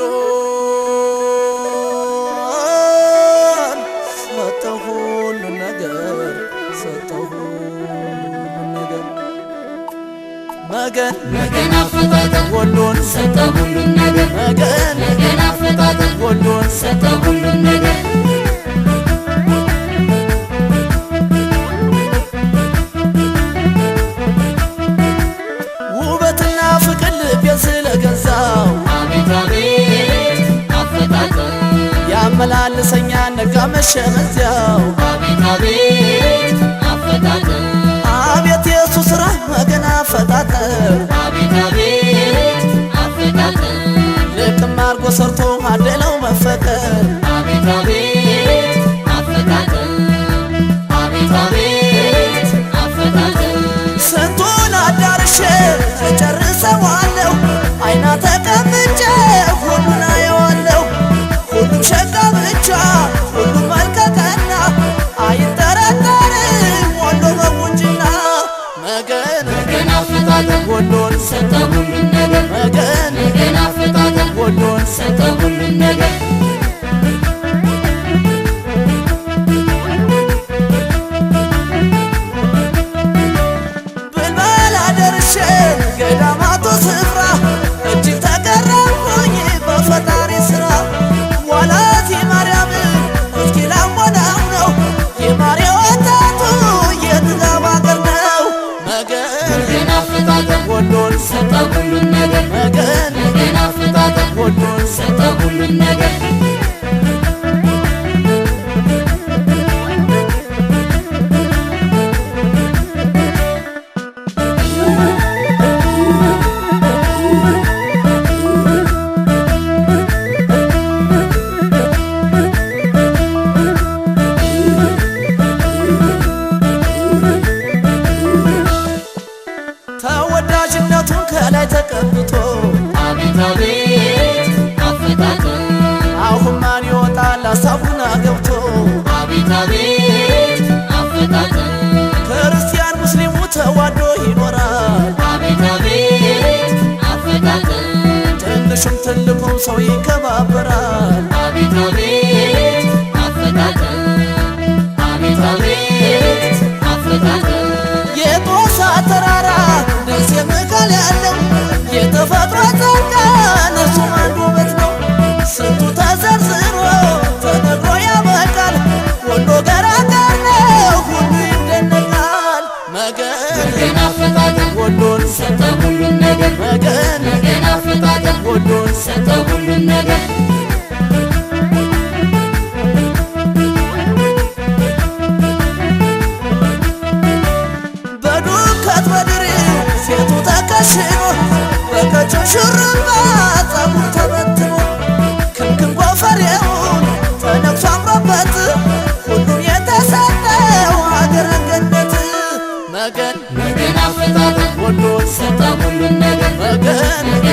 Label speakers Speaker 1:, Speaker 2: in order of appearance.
Speaker 1: ሁሉን ሰጠ ሁሉ ነገር ሰጠ ሁሉ ነገር መገን
Speaker 2: መገን አፈጠጠ ሁሉን ሰጠ ሁሉን ነገር መገን መገን
Speaker 1: ያመላልሰኛል ነጋ መሸ በዚያው
Speaker 2: አቤት አፈጣጠር
Speaker 1: አቤት የሱ ስራ ወገን አፈጣጠር ልቅም አርጎ ሰርቶ አደለው መፈጠር
Speaker 2: ሰጠው ሁሉን
Speaker 1: ነገር
Speaker 2: አቤት
Speaker 1: ክርስቲያን ሙስሊሙ ተዋዶ ይኖራል። ትንሹም ትልቁም ሰው ይከባበራል። የጦሳ ተራራ ደስ የመካል ያለው የተፈጥሮ ተሽኖ በቀጭን ሹሩባ ፀጉር ተበትኖ ክንክን ጎፈሬው ተነክሶ አምሮበት ሁሉም የተሰጠው ሀገረ ገነት መገን
Speaker 2: መገን አፈታት ወሎ ሰጠ ሁሉን ነገር
Speaker 1: መገን